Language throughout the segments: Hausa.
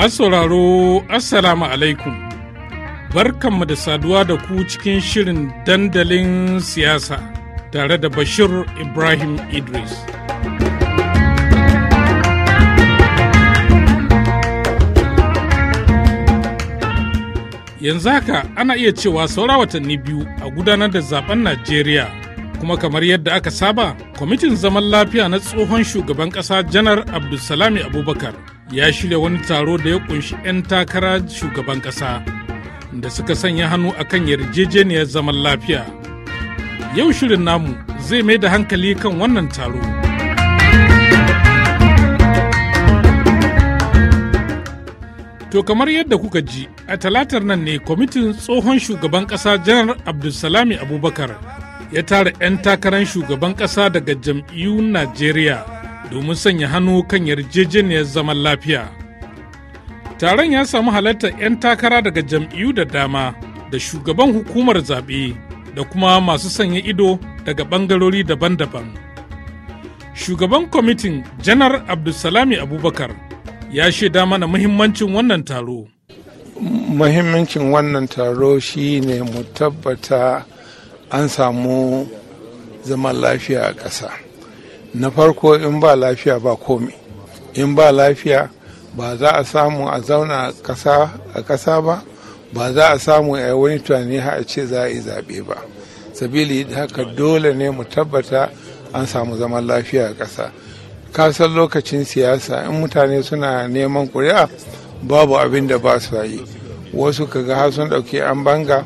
Masu sauraro Assalamu alaikum. Barkanmu da saduwa da ku cikin shirin dandalin siyasa tare da Bashir Ibrahim Idris. Yanzu haka ana iya cewa saura watanni biyu a gudanar da zaben Najeriya kuma kamar yadda aka saba kwamitin zaman lafiya na tsohon shugaban ƙasa janar Abdulsalami Abubakar ya shirya wani taro da ya kunshi 'yan takara shugaban kasa, da suka sanya hannu a kan yarjejeniyar zaman lafiya. Yau shirin namu zai mai da hankali kan wannan taro. To kamar yadda kuka ji, a talatar nan ne kwamitin tsohon shugaban Kasa janar Abdulsalami Abubakar ya tara 'yan takarar shugaban kasa daga jam'iyyun Najeriya. domin sanya hannu kan yarjejeniyar zaman lafiya taron ya samu halartar 'yan takara daga jam'iyyu da dama da shugaban hukumar zaɓe da kuma masu sanya ido daga ɓangarori daban-daban shugaban kwamitin janar abdulsalami abubakar ya shaida mana muhimmancin wannan taro muhimmancin wannan taro shi ne mu tabbata an samu zaman lafiya a ƙasa na farko in ba lafiya ba komi in ba lafiya ba za a samu a zauna a ƙasa ba ba za a samu a wani tunani a ce za a yi zaɓe ba sabili haka dole ne mu tabbata an samu zaman lafiya a ƙasa kasan lokacin siyasa in mutane suna neman ƙuri'a babu abin da ba su yi wasu kaga har sun ɗauki an banga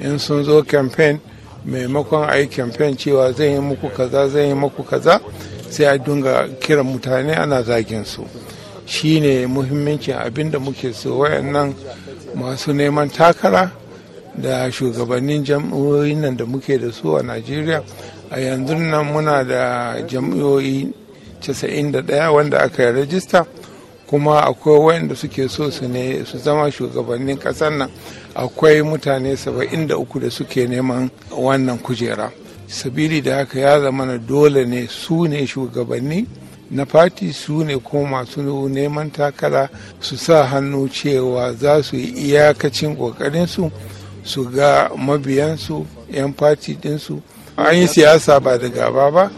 in sun zo campaign maimakon a yi kyamfen cewa zai yi muku kaza zai yi muku kaza sai a dunga kiran mutane ana zagin su shine muhimmancin abin da muke so wayannan masu neman takara da shugabannin jam'iyyoyin nan da muke da su a najeriya a yanzu nan muna da jam'iyoyi 91 wanda aka yi rajista kuma akwai wayanda suke so su ne su zama shugabannin ƙasar nan akwai mutane 73 da uku da suke neman wannan kujera sabili da haka ya zama na dole ne su ne shugabanni na fati su ne ko masu neman takara su sa hannu cewa za su yi iyakacin ƙoƙarinsu su ga mabiyansu 'yan fati ɗinsu an yi siyasa ba da gaba ba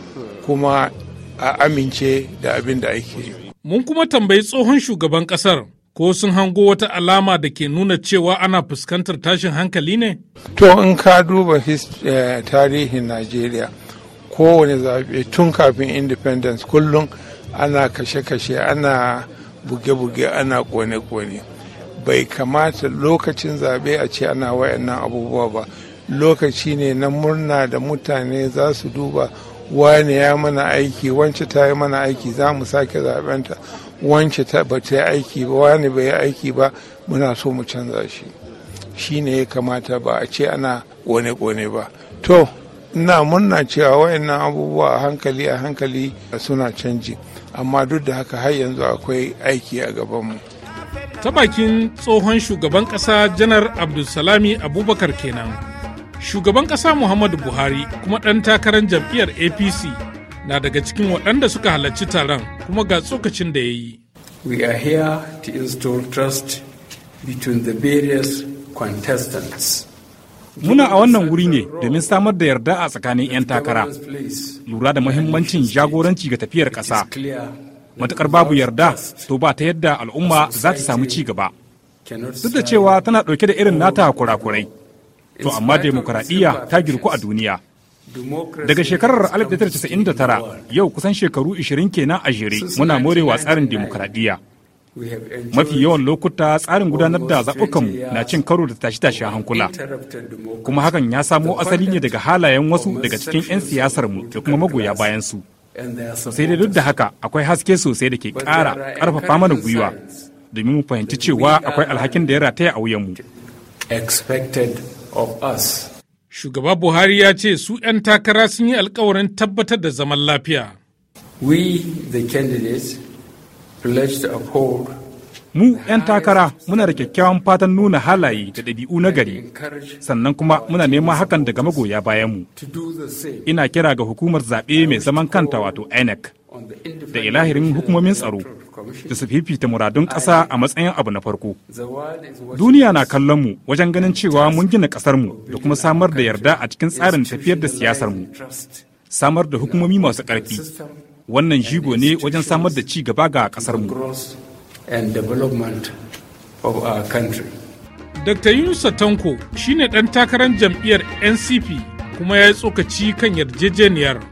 kuma a amince da abin da ake yi. Mun kuma tambayi tsohon shugaban ƙasar ko sun hango wata alama da ke nuna cewa ana fuskantar tashin hankali ne? To in ka duba eh, tarihin Najeriya kowane zaɓe tun kafin independence kullum ana kashe-kashe ana buge-buge ana kone-kone. Bai kamata lokacin zaɓe a ce ana wayannan abubuwa ba. Lokaci ne na murna da mutane za su duba wane ya mana aiki wance ta yi mana aiki za mu sake zaɓenta. wance ba ta yi aiki ba wani bai yi aiki ba muna so mu canza shi shi ne ya kamata ba a ce ana kone-kone ba to ina murna cewa wayannan abubuwa a hankali a hankali suna canji amma duk da haka har yanzu akwai aiki a gabanmu ta bakin tsohon shugaban ƙasa janar abdulsalami abubakar kenan shugaban ƙasa muhammadu buhari kuma ɗan takarar jam'iyyar apc na daga cikin waɗanda suka halarci taron kuma ga tsokacin da ya yi. We are here to install trust between the various contestants. Muna a wannan wuri ne domin samar da yarda a tsakanin 'yan takara, lura da mahimmancin jagoranci ga tafiyar ƙasa. Matuƙar babu yarda, to ba ta yadda al'umma za ta samu ci gaba. Duk da cewa tana ɗauke da irin nata kurakurai, to amma demokuraɗiyya ta girku a duniya. Daga shekarar 1999 yau kusan shekaru 20 kenan a jere muna morewa tsarin demokradiyya. Mafi yawan lokuta tsarin gudanar da zaɓukanmu na cin karo da tashi-tashi hankula. Kuma hakan ya samo asali ne daga halayen wasu daga cikin 'yan siyasarmu da kuma magoya bayansu. Sai dai duk da haka akwai haske sosai da ke ƙara ƙarfafa mana gwiwa domin mu fahimci cewa akwai alhakin da ya rataya a wuyanmu. Expected of us. Shugaba Buhari ya ce su 'yan takara sun yi alkawarin tabbatar da zaman lafiya. We the candidates pledge to uphold Mu 'yan takara muna da kyakkyawan fatan nuna halaye da ɗabi'u na gari, sannan kuma muna neman hakan daga magoya bayan mu Ina kira ga hukumar zaɓe mai zaman kanta wato INEC da ilahirin hukumomin tsaro da su fifita muradun ƙasa a matsayin abu na farko. Duniya na kallon mu wajen ganin cewa mun gina mu da kuma samar da yarda a cikin tsarin tafiyar da siyasar mu. Samar da hukumomi masu ƙarfi. Wannan jigo ne wajen samar da ci gaba ga mu. Dr. Yunusa Tanko ne ɗan takarar jam'iyyar NCP kuma ya yi tsokaci kan yarjejeniyar.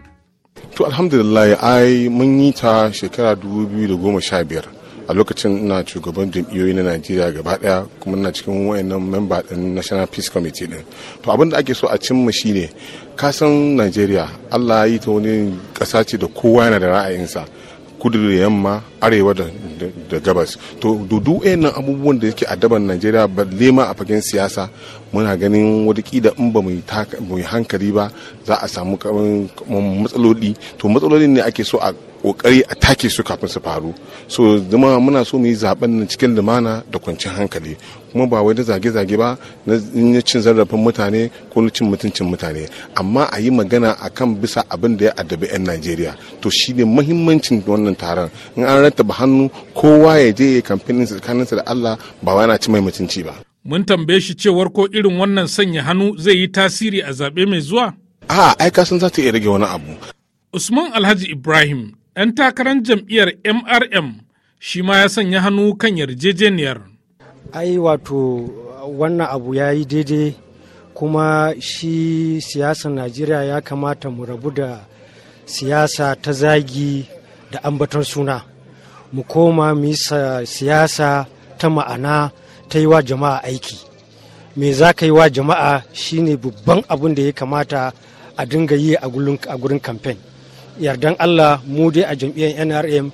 To alhamdulillah ai mun yi ta shekara 2015 a lokacin ina shugaban jam'iyyoyi na Najeriya gaba daya kuma ina cikin wayannan memba din National Peace Committee din. To abin da ake so a cimma shine kasan Najeriya Allah ya yi ta wani kasa ce da kowa yana da ra'ayinsa. kudu da yamma arewa da gabas to dudu nan abubuwan da yake daban najeriya ba lema a fagen siyasa muna ganin da in ba mu hankali ba za a samu matsaloli to matsalolin ne ake so a kokari a take su kafin su faru so zama muna so mu yi zaben nan cikin lumana da kwanciyar hankali kuma ba wai da zage-zage ba na cin zarafin mutane ko na cin mutuncin mutane amma a yi magana a kan bisa abin da ya addabi 'yan najeriya to shi ne mahimmancin wannan taron in an rattaba hannu kowa ya je ya kamfanin tsakaninsa da allah ba wa yana ci mai mutunci ba mun tambaye shi cewar ko irin wannan sanya hannu zai yi tasiri a zaɓe mai zuwa? a'a aika sun za ta iya rage wani abu. Usman Alhaji Ibrahim ɗan takarar jam'iyyar mrm shi ma ya sanya hannu kan yarjejeniyar ai wato wannan abu ya yi daidai kuma shi siyasar najeriya ya kamata mu rabu da siyasa ta zagi da ambaton suna mu koma mu siyasa ta ma'ana ta yi wa jama'a aiki me za ka yi wa jama'a shine babban abin da ya kamata a dinga yi a gurin kamfen yardan allah mu dai a jam'iyyar nrm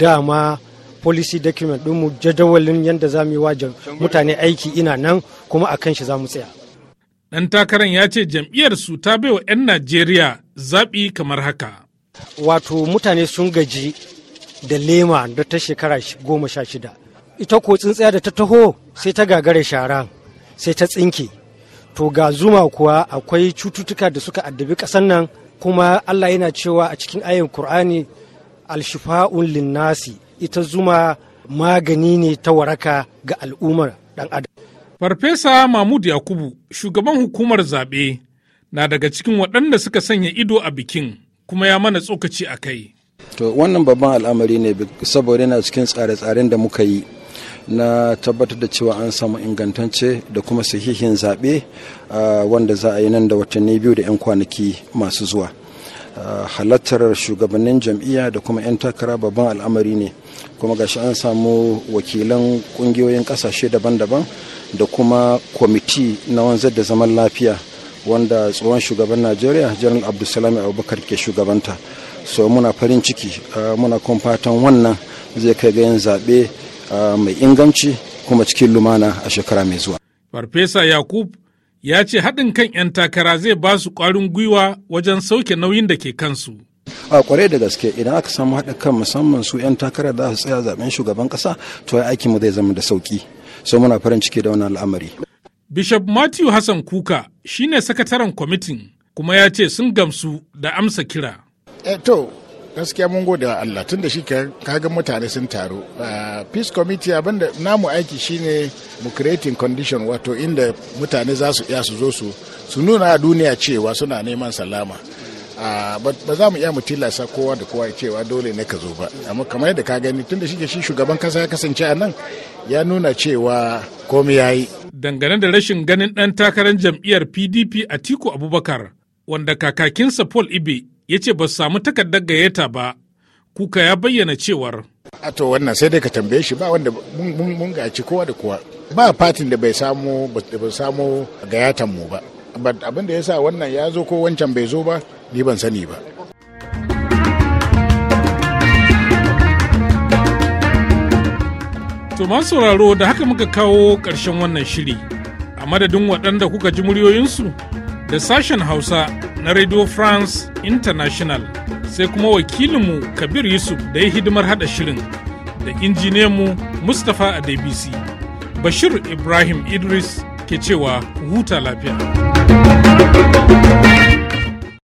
dama policy document mu jadawalin yadda za mu yi wa mutane aiki ina nan kuma a kan shi za mu tsaya ɗan takarar ya ce jam'iyyar su ta bai wa 'yan najeriya zaɓi kamar haka wato mutane sun gaji da lema da ta shekara goma sha shida ita ko tsintsiya da ta taho sai ta gagare shara sai ta tsinke to ga zuma kuwa akwai cututtuka da suka addabi ƙasar nan kuma Allah yana cewa a cikin ayin Kur'ani alshifa'un linnasi ita zuma magani ne ta waraka ga al'ummar ɗan adam. Farfesa Mahmud Yakubu shugaban hukumar zaɓe na daga cikin waɗanda suka sanya ido a bikin kuma ya mana tsokaci a kai. To wannan babban al'amari ne saboda yana cikin tsare-tsaren da muka yi na tabbatar da cewa an samu ingantacce da kuma sahihin zaɓe uh, wanda za a yi nan da watanni biyu da 'yan kwanaki masu zuwa uh, halattar shugabannin jam'iyya da kuma 'yan takara babban al'amari ne kuma gashi an samu wakilan kungiyoyin kasashe daban-daban da kuma kwamiti na wanzar da zaman lafiya wanda tsohon shugaban najeriya general abdulsalam abubakar ke shugabanta so muna farin ciki uh, muna kuma fatan wannan zai kai ga yin zaɓe Ah, mai inganci kuma cikin lumana a shekara mai zuwa. Farfesa Yakub ya ce haɗin kan 'yan takara zai ba su ƙwarin gwiwa wajen sauke nauyin da ke kansu. a kwarai da gaske idan aka samu haɗa kan musamman su 'yan takara da su tsaya zaben shugaban ƙasa to ya aikin mu zai zama da sauki so muna farin ciki da wannan al'amari. bishop matthew hassan kuka shine sakataren kwamitin kuma ya ce sun gamsu da amsa kira. Eh, to gaskiya mun gode wa Allah tun da shi ga mutane sun taru uh, peace committee abinda namu aiki shine mu creating condition wato inda mutane za su iya su zo su su nuna duniya cewa suna neman salama uh, ba za mu iya mu tilasa kowa da kowa cewa dole ne ka zo ba amma kamar yadda ka gani tun da shi shi shugaban kasa ya kasance a nan ya nuna cewa komai ya yi dangane da rashin ganin dan takarar jam'iyyar pdp a tiku abubakar wanda kakakinsa paul ibe ya ce ba su samu takardar gayyata ba kuka ya bayyana cewar a to wannan sai dai ka tambaye shi ba wanda mun gaci kowa da kowa ba fatin da bai samu ba samu gayatan mu ba abin da ya wannan ya zo ko wancan bai zo ba ni ban sani ba To ma sauraro da haka muka kawo ƙarshen wannan shiri, a madadin waɗanda kuka ji muryoyinsu da sashen Hausa na Radio France International sai kuma wakilinmu Kabir Yusuf da ya hidimar hada shirin da injiniyanmu Mustapha Adebisi. Bashir Ibrahim Idris ke cewa huta lafiya.